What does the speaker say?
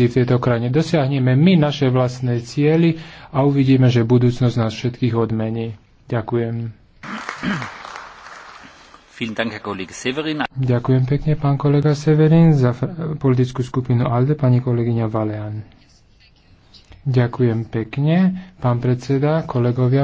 investícií v tejto krajine. Dosiahneme my naše vlastné cieľy a uvidíme, že budúcnosť nás všetkých odmení. Ďakujem. Ďakujem pekne, pán kolega Severin, za politickú skupinu ALDE, pani kolegyňa Valean. Ďakujem pekne, pán predseda, kolegovia.